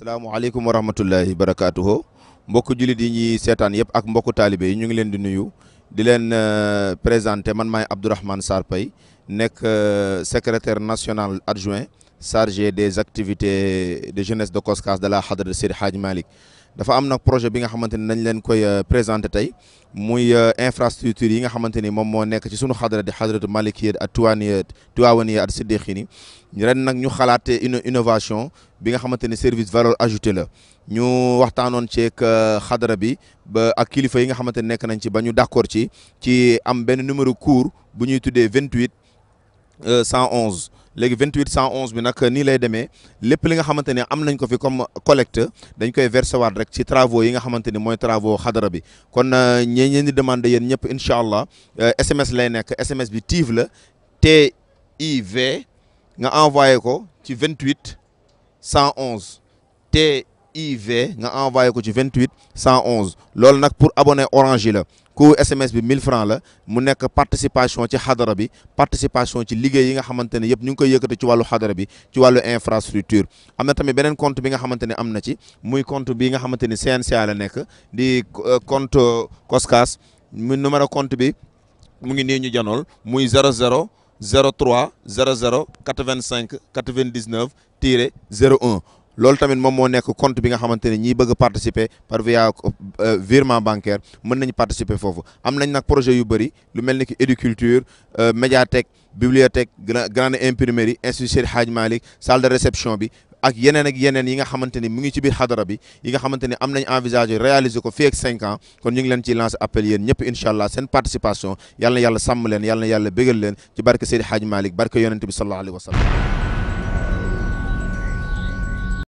salaamualeykum wa rahmatullahi barakaatuhu mbokku jullit yi ñuy seetaan yëpp ak mbokku taalibe yi ñu ngi leen di nuyu di leen euh, présenter man maay Abdourahmane Sarr pay nekk euh, secretaire national adjoint chargé des activités de jeunesse de COSCAS de la Hadra Seydi Hadj Malick dafa am nag projet bi nga xamante ni nañ leen koy euh, présenté tey muy infrastructure yi nga xamante ni moom moo nekk ci sunu xadra di xadratu malikiyat ak tuwaaniyat tuwaawaniya ak siddiqini ren nag ñu xalaate innovation bi nga xamante ne service valeur ajoutée la ñu waxtaanoon ceeg euh, xadara bi ba ak kilifa yi nga xamante ne nekk nañ ci ba ñu d'accord ci ci am benn numéro court bu ñuy tuddee euh, cent 111 léegi cent onze bi nag nii lay demee lépp li nga xamante ne am nañ ko fi comme collecte dañ koy verser waat rek ci travaux yi nga xamante ni mooy travaux xadara bi kon ñee euh, ñeen di demande yéen ñëpp incha allah SMS lay nekk SMS bi TIV la v nga envoyé ko ci 28 111 v nga envoyé ko ci 28 111 loolu nag pour abonné orange yi la coût SMS bi 1000 francs la mu nekk participation ci xadara bi participation ci liggéey yi nga xamante ne yëpp ñu ngi koy yëkkati ci wàllu xadara bi ci wàllu infrastructure am na tamit beneen compte bi nga xamante ne am na ci muy compte bi nga xamante ni CNCA la nekk di euh, compte COSCAS euh, mu numéro compte bi mu ngi nii ñu janool muy 00. 03 00 85 99 tiret 01 loolu tamit moom moo nekk compte bi nga xamante ne ñiy bëgg a participer par via euh, virement bancaire mën nañ participer foofu am nañ nag projet yu bëri lu mel ni ki éduculture euh, médiathèque bibliothèque grande imprimerie institut Cheikh Hadj Malick salle de réception bi ak yeneen ak yeneen yi nga xamante ni mu ngi ci biir xadara bi yi nga xamante ni am nañ envisagé réaliser ko fii ak cinq ans kon ñu ngi leen ciy lancer appel yéen ñëpp incha allah seen participation yal na yàlla sàmm leen yal na yàlla bégal leen ci barke Seydi Hadj Malick barke yonente bi sallallahu alayhi wa sallam